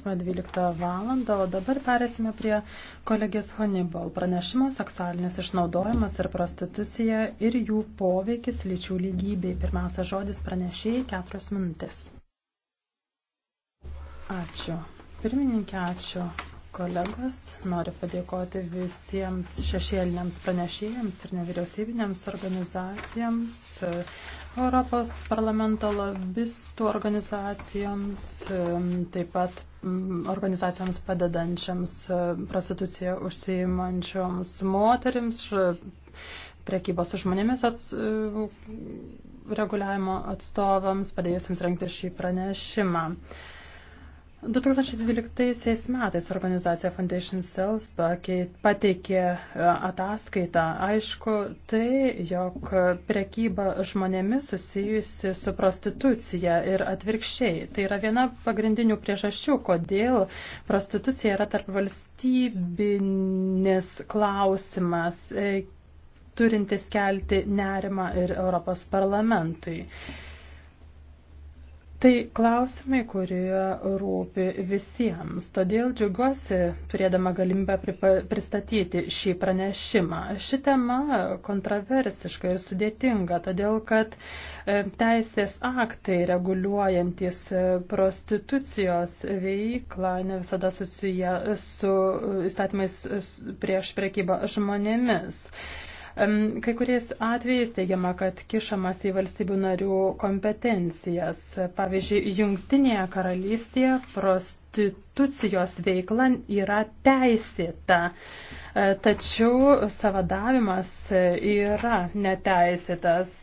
12 valandą, o dabar perėsime prie kolegės Honibol pranešimo seksualinis išnaudojimas ir prostitucija ir jų poveikis lyčių lygybei. Pirmiausia žodis pranešėjai keturios minutės. Ačiū. Pirmininkė, ačiū kolegos, noriu padėkoti visiems šešėliniams pranešėjams ir nevyriausybinėms organizacijoms, Europos parlamento lobistų organizacijoms, taip pat mm, organizacijoms padedančiams prostituciją užsiimančioms moterims, prekybos su žmonėmis ats, reguliavimo atstovams, padėjusiems rengti šį pranešimą. 2012 metais organizacija Foundation Cells pateikė e, ataskaitą. Aišku, tai, jog prekyba žmonėmis susijusi su prostitucija ir atvirkščiai. Tai yra viena pagrindinių priežasčių, kodėl prostitucija yra tarp valstybinis klausimas, e, turintis kelti nerimą ir Europos parlamentui. Tai klausimai, kurie rūpi visiems. Todėl džiugiuosi, turėdama galimybę pristatyti šį pranešimą. Ši tema kontroversiška ir sudėtinga, todėl kad e, teisės aktai reguliuojantis e, prostitucijos veiklą ne visada susiję su e, įstatymais prieš prekybą žmonėmis. Kai kuriais atvejais teigiama, kad kišamas į valstybių narių kompetencijas. Pavyzdžiui, Jungtinėje karalystėje prostitucijos veikla yra teisėta, e, tačiau savadavimas yra neteisėtas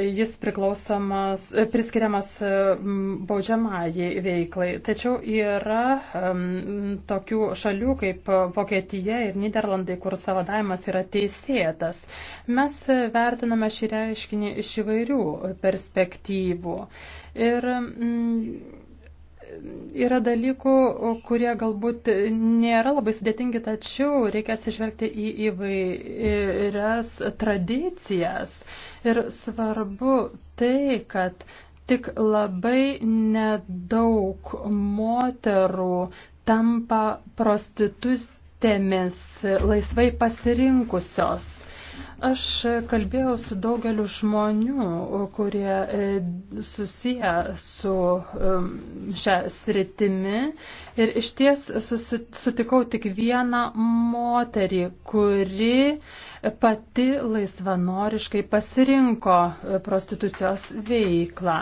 jis priklausomas, priskiriamas baudžiamajai veiklai. Tačiau yra um, tokių šalių kaip Vokietija ir Niderlandai, kur savadavimas yra teisėtas. Mes vertiname šį reiškinį iš įvairių perspektyvų. Ir, mm, yra dalykų, kurie galbūt nėra labai sudėtingi, tačiau reikia atsižvelgti į įvairias tradicijas. Ir svarbu tai, kad tik labai nedaug moterų tampa prostitutėmis laisvai pasirinkusios. Aš kalbėjau su daugeliu žmonių, kurie e, susiję su šią sritimi ir iš ties susitikau tik vieną moterį, kuri pati laisvanoriškai pasirinko e, prostitucijos veiklą.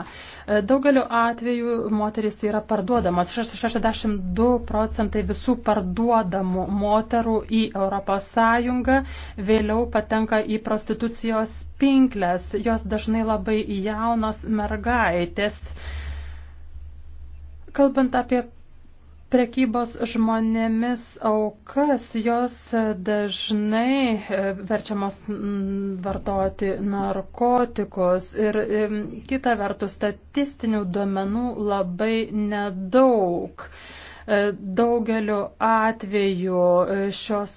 E, daugeliu atveju moteris yra parduodamos. 62 procentai visų parduodamų moterų į ES vėliau patenka į prostitucijos pinklės. Jos dažnai labai jaunos mergaitės. Kalbant apie prekybos žmonėmis aukas, jos dažnai e, verčiamos vartoti narkotikus ir e, kita vertus statistinių duomenų labai nedaug. E, daugeliu atveju šios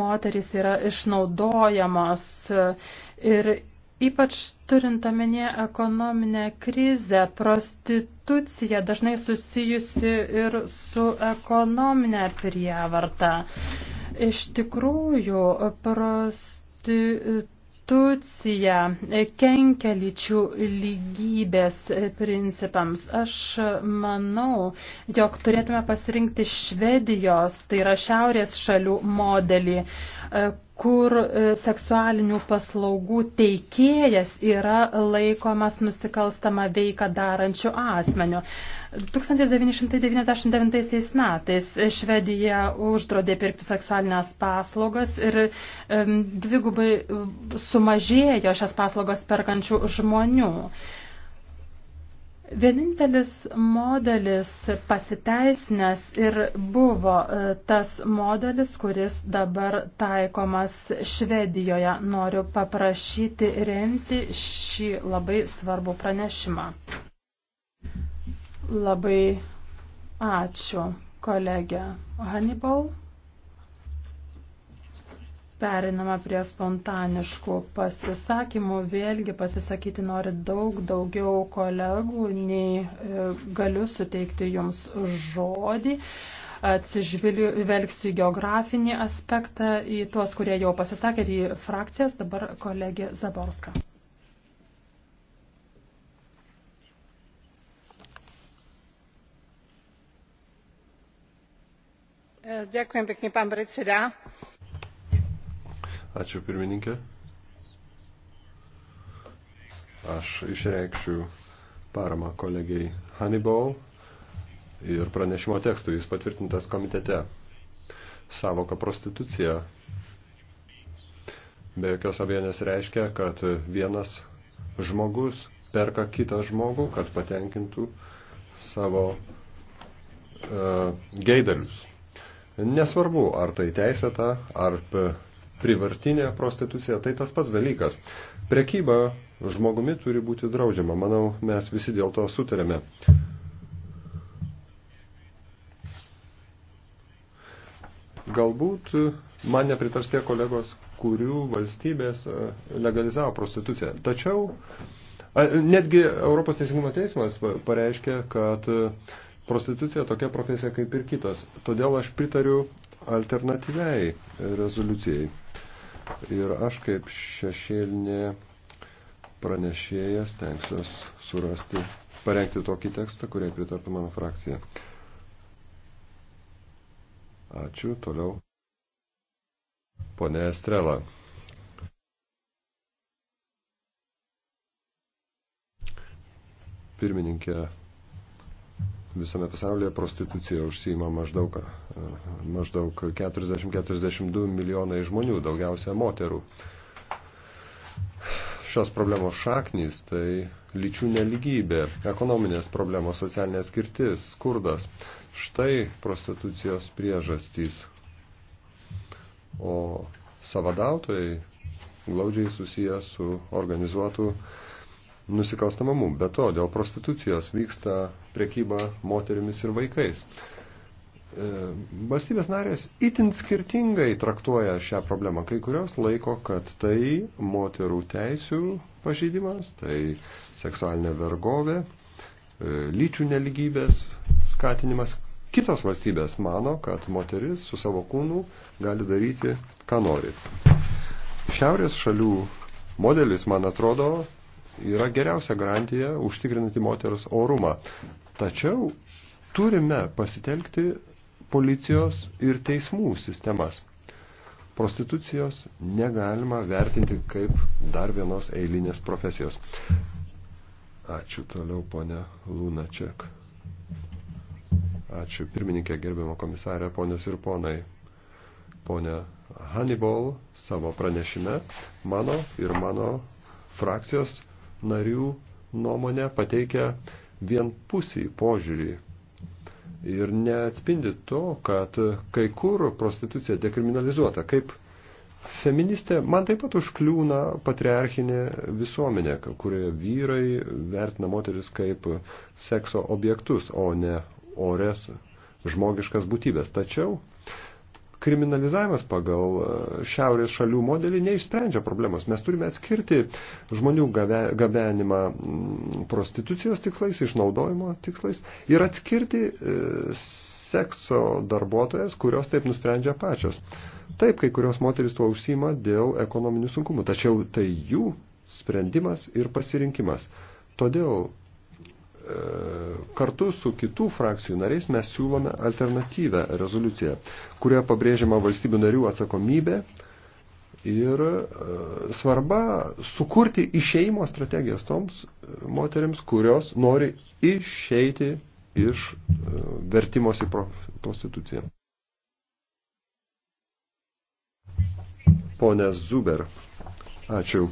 moterys yra išnaudojamos ir Ypač turint omenyje ekonominę krizę, prostitucija dažnai susijusi ir su ekonominė prievarta. Iš tikrųjų, prostitucija kenkia lyčių lygybės principams. Aš manau, jog turėtume pasirinkti Švedijos, tai yra šiaurės šalių modelį, kur e, seksualinių paslaugų teikėjas yra laikomas nusikalstamą veiką darančių asmenių. 1999 metais Švedija uždraudė pirkti seksualinės paslaugas ir dvigubai sumažėjo šias paslaugas perkančių žmonių. Vienintelis modelis pasiteisinęs ir buvo e, tas modelis, kuris dabar taikomas Švedijoje. Noriu paprašyti remti šį labai svarbų pranešimą. Labai ačiū, kolegė Hannibal. Perinama prie spontaniškų pasisakymų. Vėlgi pasisakyti nori daug daugiau kolegų, nei e, galiu suteikti jums žodį. Atsižvelgsiu geografinį aspektą į tuos, kurie jau pasisakė, ir į frakcijas. Dabar kolegė Zaborska. Ďakujem pekne, pán predseda Ačiū pirmininkė. Aš išreikščiau paramą kolegiai Hannibal ir pranešimo tekstui jis patvirtintas komitete. Savoka prostitucija be jokios abejonės reiškia, kad vienas žmogus perka kitą žmogų, kad patenkintų savo e, geidalius. Nesvarbu, ar tai teisėta, ar privartinė prostitucija, tai tas pats dalykas. Prekyba žmogumi turi būti draudžiama, manau, mes visi dėl to sutarėme. Galbūt man nepritars tie kolegos, kurių valstybės e, legalizavo prostituciją. Tačiau netgi Europos teisingumo teismas pareiškė, kad e, prostitucija tokia profesija kaip ir kitos. Todėl aš pritariu alternatyviai rezoliucijai. Ir aš kaip šešėlinė pranešėjas tenksiuos surasti, parengti tokį tekstą, kuriai pritartų mano frakcija. Ačiū, toliau. Pone Estrela. Pirmininkė visame pasaulyje prostitucija užsima maždaug, e, maždaug 40-42 milijonai žmonių, daugiausia moterų. Šios problemos šaknys tai lyčių neligybė, ekonominės problemos, socialinė skirtis, skurdas. Štai prostitucijos priežastys. O savadautojai glaudžiai susiję su organizuotų uh, nusikalstamamu. Be to, dėl prostitucijos vyksta prekyba moterimis ir vaikais. E, valstybės narės itin skirtingai traktuoja šią problemą. Kai kurios laiko, kad tai moterų teisių pažydimas, tai seksualinė vergovė, e, lyčių neligybės skatinimas. Kitos valstybės mano, kad moteris su savo kūnu gali daryti, ką nori. Šiaurės šalių modelis, man atrodo, yra geriausia garantija užtikrinanti moters orumą. Tačiau turime pasitelkti policijos ir teismų sistemas. Prostitucijos negalima vertinti kaip dar vienos eilinės profesijos. Ačiū toliau, ponia Lunačiak. Ačiū pirmininkė, gerbiamo komisarė, ponios ir ponai. Ponia Hannibal savo pranešime mano ir mano frakcijos narių nuomonė pateikia vienpusį požiūrį ir neatspindi to, kad kai kur prostitucija dekriminalizuota. Kaip feministė, man taip pat užkliūna patriarchinė visuomenė, kurioje vyrai vertina moteris kaip sekso objektus, o ne ores žmogiškas būtybės. Tačiau kriminalizavimas pagal e, šiaurės šalių modelį neišsprendžia problemos. Mes turime atskirti žmonių gabenimą prostitucijos tikslais, išnaudojimo tikslais ir atskirti e, sekso darbuotojas, kurios taip nusprendžia pačios. Taip, kai kurios moteris tuo užsima dėl ekonominių sunkumų, tačiau tai jų sprendimas ir pasirinkimas. Todėl kartu su kitų frakcijų nariais mes siūlome alternatyvę rezoliuciją, kurioje pabrėžiama valstybių narių atsakomybė ir e, svarba sukurti išeimo strategijas toms e, moteriams, kurios nori išeiti iš e, vertimos į prostituciją. Pone Zuber, ačiū.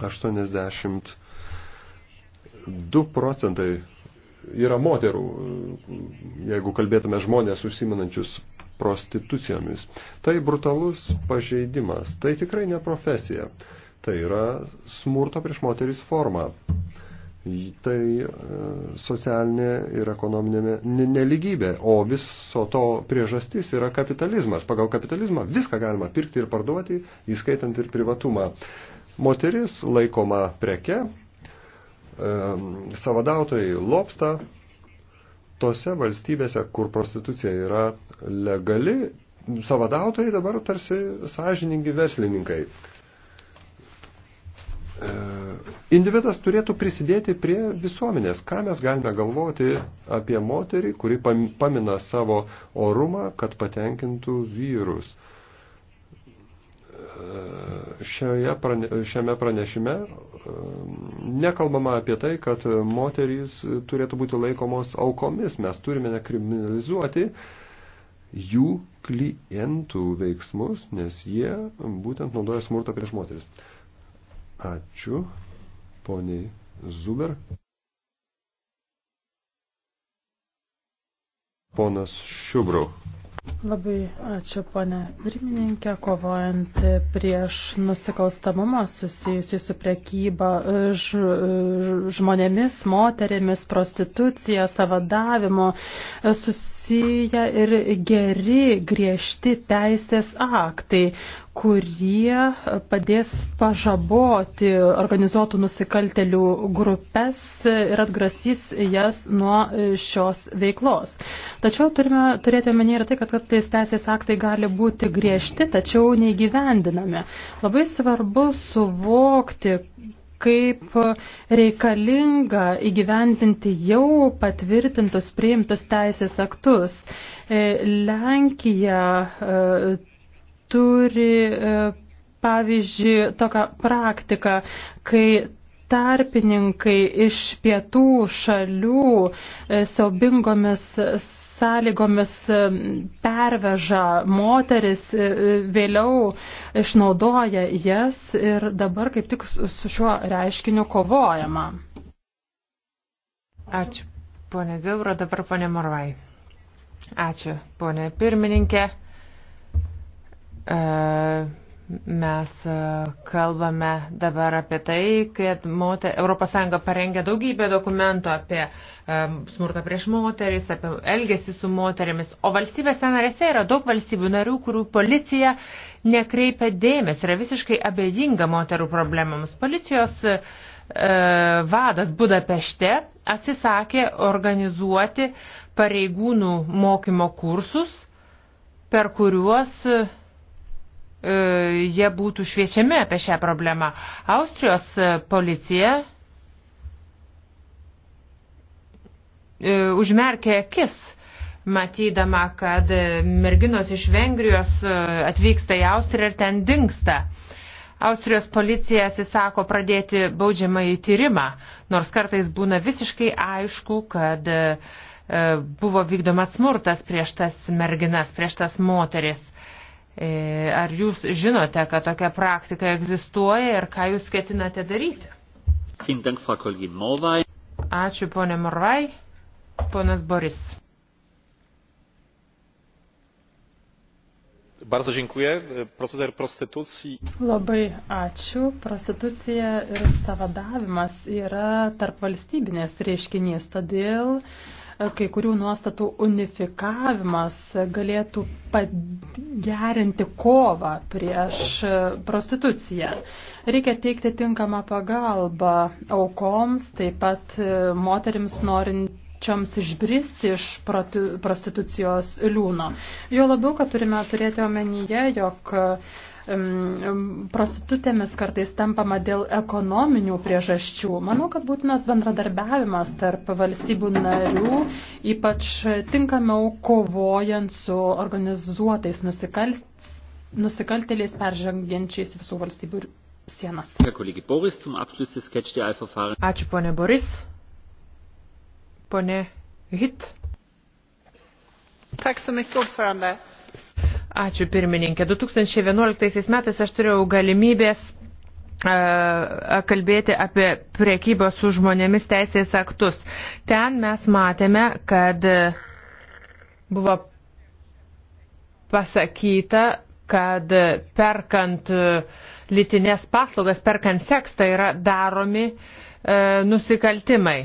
80 2 procentai yra moterų, jeigu kalbėtume žmonės užsimanančius prostitucijomis. Tai brutalus pažeidimas, tai tikrai ne profesija, tai yra smurto prieš moteris forma. Tai e, socialinė ir ekonominė neligybė, o viso to priežastis yra kapitalizmas. Pagal kapitalizmą viską galima pirkti ir parduoti, įskaitant ir privatumą. Moteris laikoma preke, savadautojai lopsta tose valstybėse, kur prostitucija yra legali, savadautojai dabar tarsi sąžiningi verslininkai. Individas turėtų prisidėti prie visuomenės. Ką mes galime galvoti apie moterį, kuri pamina savo orumą, kad patenkintų vyrus? šioje prane, šiame pranešime um, nekalbama apie tai, kad moterys turėtų būti laikomos aukomis. Mes turime nekriminalizuoti jų klientų veiksmus, nes jie būtent naudoja smurtą prieš moteris. Ačiū, poniai Zuber. Ponas Šiubrau. Labai ačiū, ponė pirmininkė, kovojant prieš nusikalstamumą susijusį su prekyba žmonėmis, moterėmis, prostitucija, savadavimu, susiję ir geri griežti teisės aktai, kurie padės pažaboti organizuotų nusikaltelių grupės ir atgrasys jas nuo šios veiklos. Tačiau turime turėti omenyje ir tai, kad kartais teisės aktai gali būti griežti, tačiau neįgyvendinami. Labai svarbu suvokti, kaip reikalinga įgyvendinti jau patvirtintus priimtus teisės aktus. Lenkija e, turi, e, pavyzdžiui, tokią praktiką, kai tarpininkai iš pietų šalių e, siaubingomis sąlygomis e, perveža moteris, vėliau išnaudoja jas ir dabar kaip tik su šiuo reiškiniu kovojama. Ačiū, ponė Zilbro, dabar ponė Morvai. Ačiū, ponė pirmininkė. E, mes e, kalbame dabar apie tai, kad moter, ES parengė daugybę dokumentų apie e, smurtą prieš moteris, apie elgesį su moterimis, o valstybėse narėse yra daug valstybių narių, kurių policija nekreipia dėmesį, yra visiškai abejinga moterų problemams. Policijos uh, vadas Budapešte atsisakė organizuoti pareigūnų mokymo kursus, per kuriuos E, jie būtų šviečiami apie šią problemą. Austrijos e, policija e, užmerkė akis, matydama, kad merginos iš Vengrijos atvyksta į Austriją ir ten dinksta. Austrijos policija atsisako pradėti baudžiamą į tyrimą, nors kartais būna visiškai aišku, kad buvo vykdomas smurtas prieš tas merginas, prieš tas moteris. E, ar jūs žinote, kad tokia praktika egzistuoja ir ką jūs ketinate daryti? Ačiū, ponė Morvai. Ponas Boris. Bardzo dziękuję. Proceder prostytucji. Labai ačiū. Prostitucija ir savadavimas yra tarp valstybinės reiškinys, todėl uh, kai kurių nuostatų unifikavimas galėtų pagerinti kovą prieš prostituciją. Reikia teikti tinkamą pagalbą aukoms, taip pat moterims norint čiams išbristi iš prostitucijos liūno. Jo labiau, kad turime turėti omenyje, jog prostitutėmis kartais tampama dėl ekonominių priežasčių. Manau, kad būtinas bendradarbiavimas tarp valstybių narių, ypač tinkamiau kovojant su organizuotais nusikalt, nusikaltėliais peržengiančiais visų valstybių sienas. Ačiū, ponė Boris. Ponė Hit. Tack så mycket, ordförande. Ačiū pirmininkė. 2011 metais aš turėjau galimybės e, kalbėti apie priekybos su žmonėmis teisės aktus. Ten mes matėme, kad buvo pasakyta, kad perkant lytinės paslaugas, perkant seksą yra daromi e, nusikaltimai.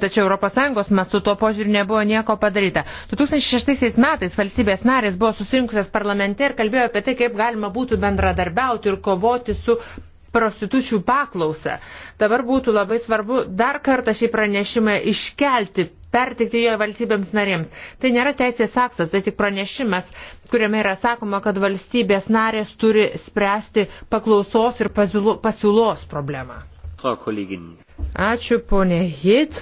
Tačiau ES mastu tuo požiūriu nebuvo nieko padaryta. 2006 metais valstybės narės buvo susirinkusios parlamente ir kalbėjo apie tai, kaip galima būtų bendradarbiauti ir kovoti su prostitučių paklausą. Dabar būtų labai svarbu dar kartą šį pranešimą iškelti, pertikti jo valstybėms narėms. Tai nėra teisės aktas, tai tik pranešimas, kuriame yra sakoma, kad valstybės narės turi spręsti paklausos ir pasiūlos problemą. Ačiū, ponė Hit.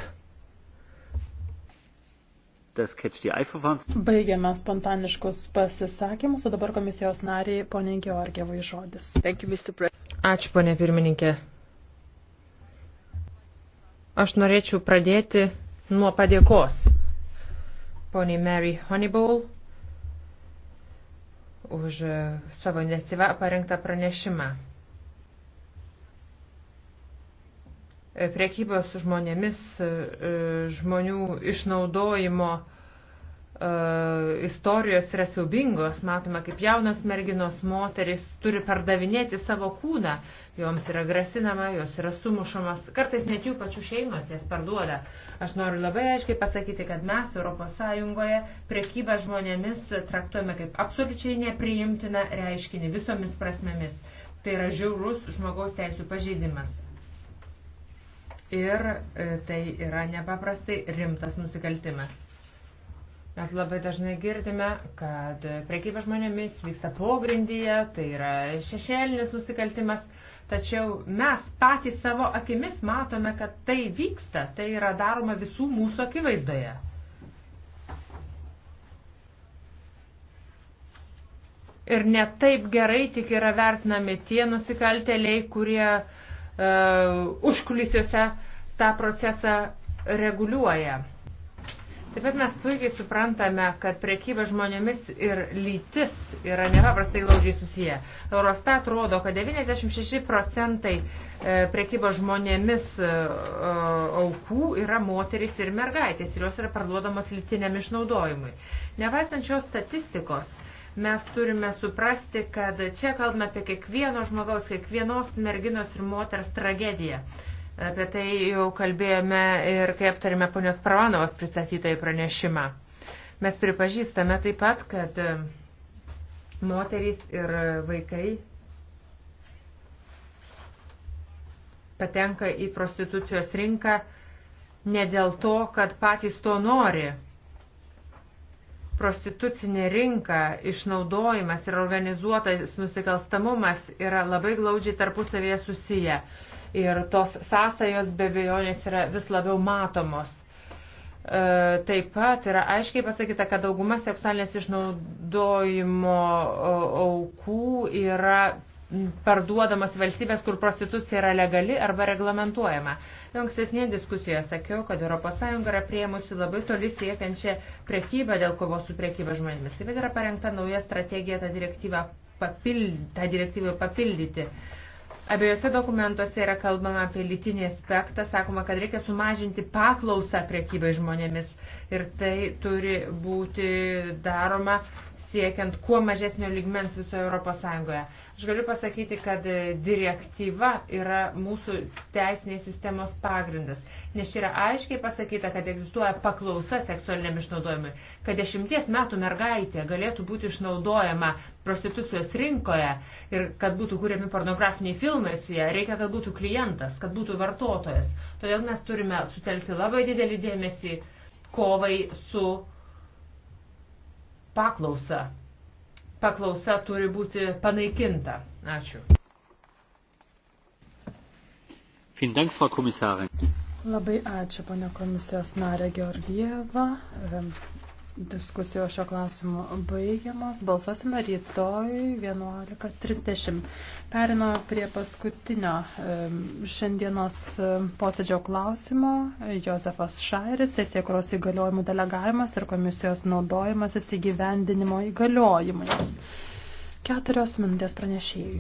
Baigiame spontaniškus pasisakymus, o dabar komisijos nariai ponė Georgievai žodis. You, Ačiū, ponė pirmininkė. Aš norėčiau pradėti nuo padėkos. Poniai Mary Honeyball už savo iniciatyvą parengtą pranešimą. E, prekybos žmonėmis, e, e, žmonių išnaudojimo istorijos yra siaubingos. Matome, kaip jaunas merginos moteris turi pardavinėti savo kūną. Joms yra grasinama, jos yra sumušamas. Kartais net jų pačių šeimos jas parduoda. Aš noriu labai aiškiai pasakyti, kad mes ES priekybą žmonėmis traktuojame kaip absoliučiai nepriimtiną reiškinį visomis prasmėmis. Tai yra žiaurus žmogaus teisų pažeidimas ir e, tai yra nepaprastai rimtas nusikaltimas. Mes labai dažnai girdime, kad prekyba žmonėmis vyksta pogrindyje, tai yra šešėlinis nusikaltimas, tačiau mes patys savo akimis matome, kad tai vyksta, tai yra daroma visų mūsų akivaizdoje. Ir netaip gerai tik yra vertinami tie nusikalteliai, kurie uh, Uh, užkulisiuose tą procesą reguliuoja. Taip pat mes puikiai suprantame, kad priekyba žmonėmis ir lytis yra nepaprastai glaudžiai susiję. Eurostat rodo, kad 96 procentai e, priekyba žmonėmis e, e, aukų yra moteris ir mergaitės ir jos yra parduodamos lytiniam išnaudojimui. Nevaistant šios statistikos, Mes turime suprasti, kad čia kalbame apie kiekvieno žmogaus, kiekvienos merginos ir moters tragediją. Apie tai jau kalbėjome ir kai aptarėme ponios Pravanovos pristatytą į pranešimą. Mes pripažįstame taip pat, kad e, moterys ir vaikai patenka į prostitucijos rinką ne dėl to, kad patys to nori prostitucinė rinka, išnaudojimas ir organizuotas nusikalstamumas yra labai glaudžiai tarpusavėje susiję. Ir tos sąsajos be bejonės yra vis labiau matomos. E, taip pat yra aiškiai pasakyta, kad dauguma seksualinės išnaudojimo e, aukų yra parduodamas valstybės, kur prostitucija yra legali arba reglamentuojama. Ankstesnėje diskusijoje sakiau, kad ES yra prieimusi labai toli siekiančią prekybą dėl kovos su prekyba žmonėmis. Taip pat yra parengta nauja strategija tą direktyvą, papildi, tą direktyvą papildyti. Abiejose dokumentuose yra kalbama apie lytinį aspektą, sakoma, kad reikia sumažinti paklausą priekybai žmonėmis ir tai turi būti daroma siekiant kuo mažesnio lygmens visoje Europos Sąjungoje. Aš galiu pasakyti, kad e, direktyva yra mūsų teisinės sistemos pagrindas, nes čia yra aiškiai pasakyta, kad egzistuoja paklausa seksualiniam išnaudojimui, kad dešimties metų mergaitė galėtų būti išnaudojama prostitucijos rinkoje ir kad būtų kūriami pornografiniai filmai su ją, reikia, kad būtų klientas, kad būtų vartotojas. Todėl mes turime sutelkti labai didelį dėmesį kovai su paklausa. Paklausa turi būti panaikinta. Ačiū. Dank, Frau Kommissarin. Labai ačiū, ponia komisijos narė Georgieva. Diskusijos šio klausimu baigiamos. Balsuosime rytoj 11.30. Perino prie paskutinio šiandienos posėdžio klausimo. Josefas Šairis, teisėkuros įgaliojimų delegavimas ir komisijos naudojimas įsigyvendinimo įgaliojimais. Keturios minutės pranešėjai.